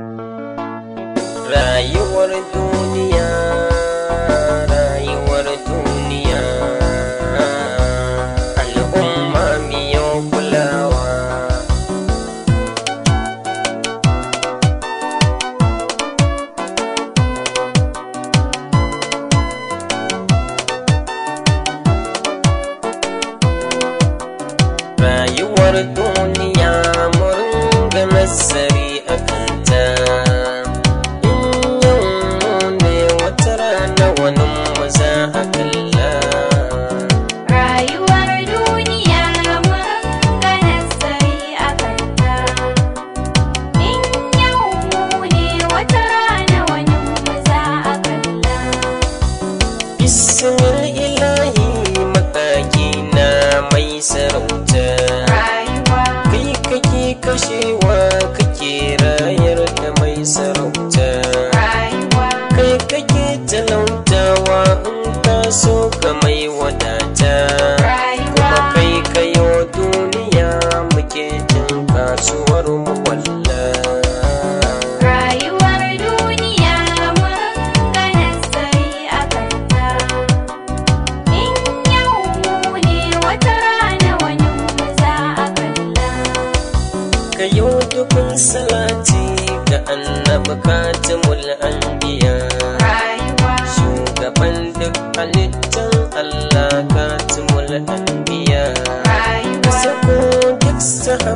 rayuwar duniya rayuwar duniya al'umma miyo kulawa rayuwar duniya murin ga masari a ya ilahi matsaki na mai sarauta kai kake kashewa kai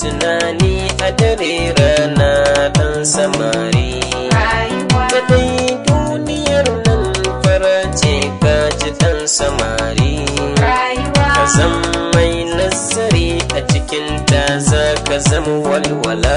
tunani a dare rana dan samari kadai duniyar nan farace ji ɗan samari ka zan mai nasari a cikin ta za ka zama walwala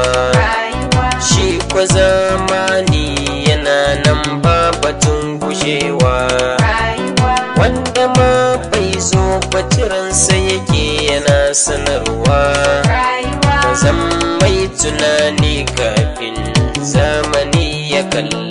zamani yana nan ba batun gushewa wanda ma bai zo sa yake yana sanarwa ba zan mai tunani kafin zamani ya kalla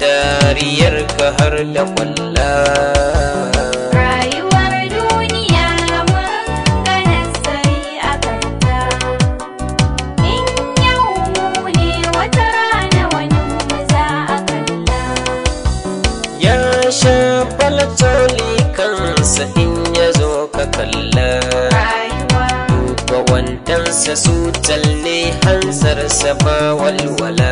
dariyar ka har da kwalla rayuwar duniya mun gana sai a kanta in yau mu ne wata rana wani mu a kalla ya sha falatoli kansa in ya zo ka kalla rayuwa duka su talle hanzarsa ba walwala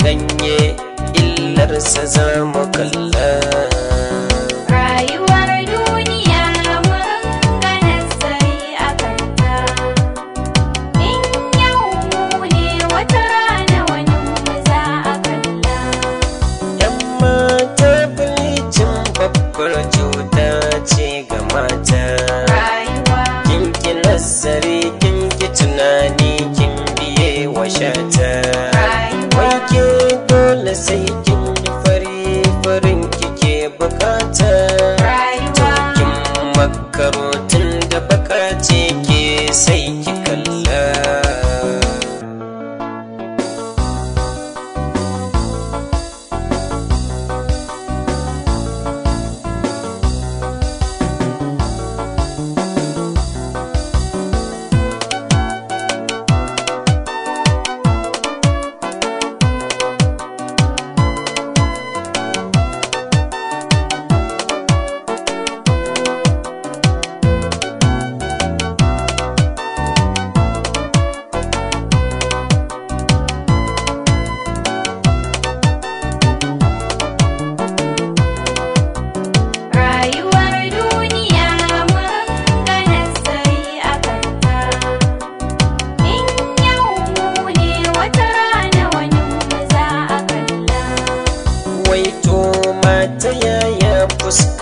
da ganye illarsa za mu kalla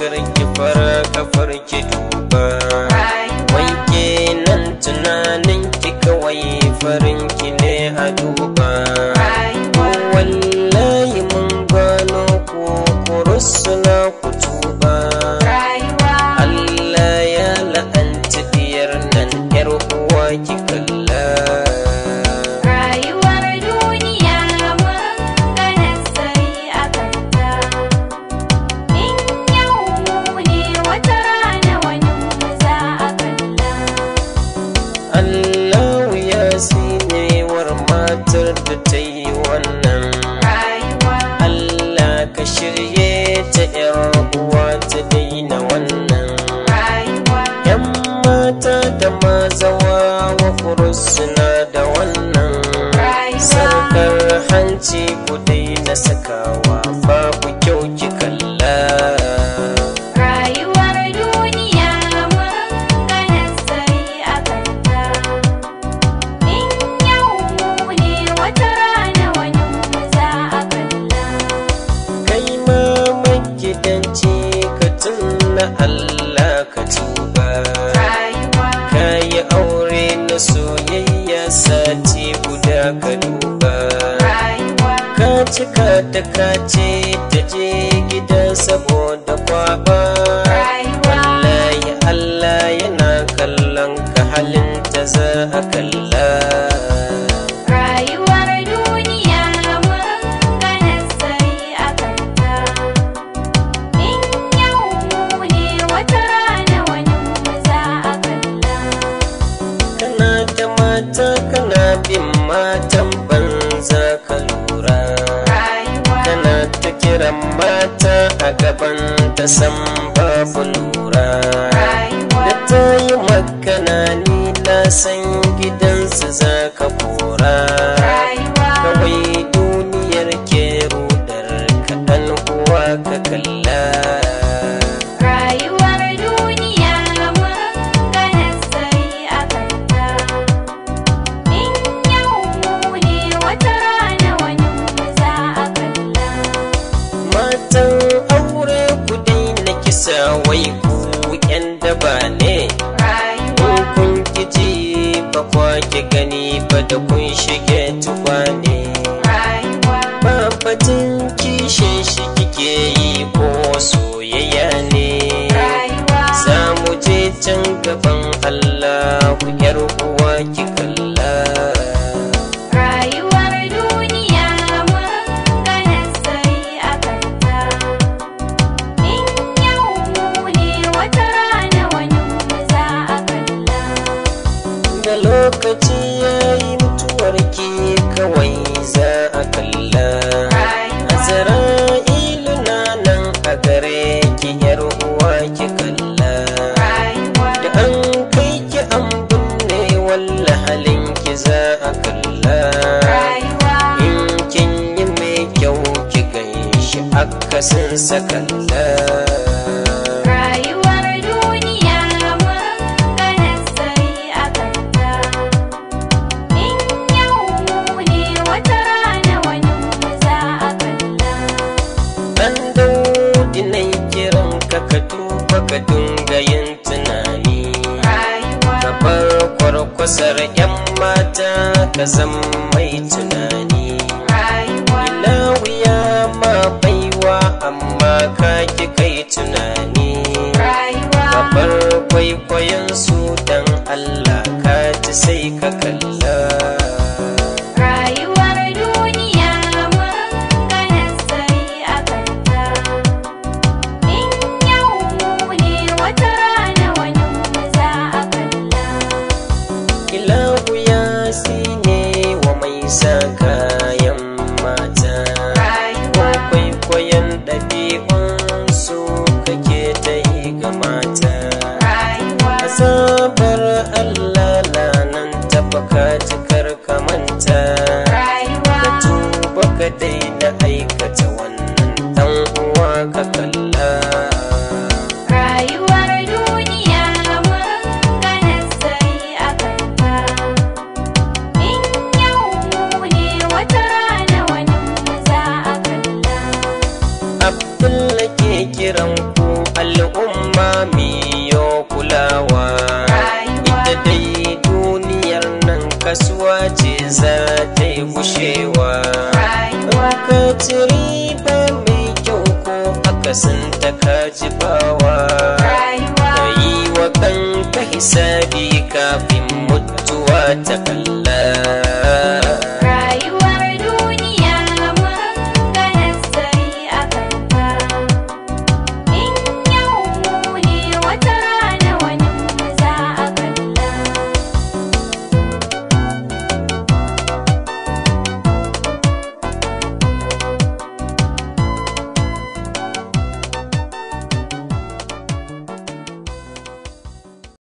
karin ki fara kafar ki ce dai na sakawa halinta za a kalla rayuwar duniya mun ganin sai a kalla in yau ne wata rana wani za a kalla kana da mata kana bin matan banza ka lura kana ta kiran mata a gaban ta san babu lura kana na ni san gidansu za ka ki kalla da an kai ki an binne walla halin ki za a kalla in kin yi mai kyau ki gan a akasin sa kalla fasar 'yan mata ka zan mai tunani ina wuya ma baiwa amma ka kika kiran ku al'umma miyo kulawa ita dai duniyar nan kasuwa ce za ta yi fushewa.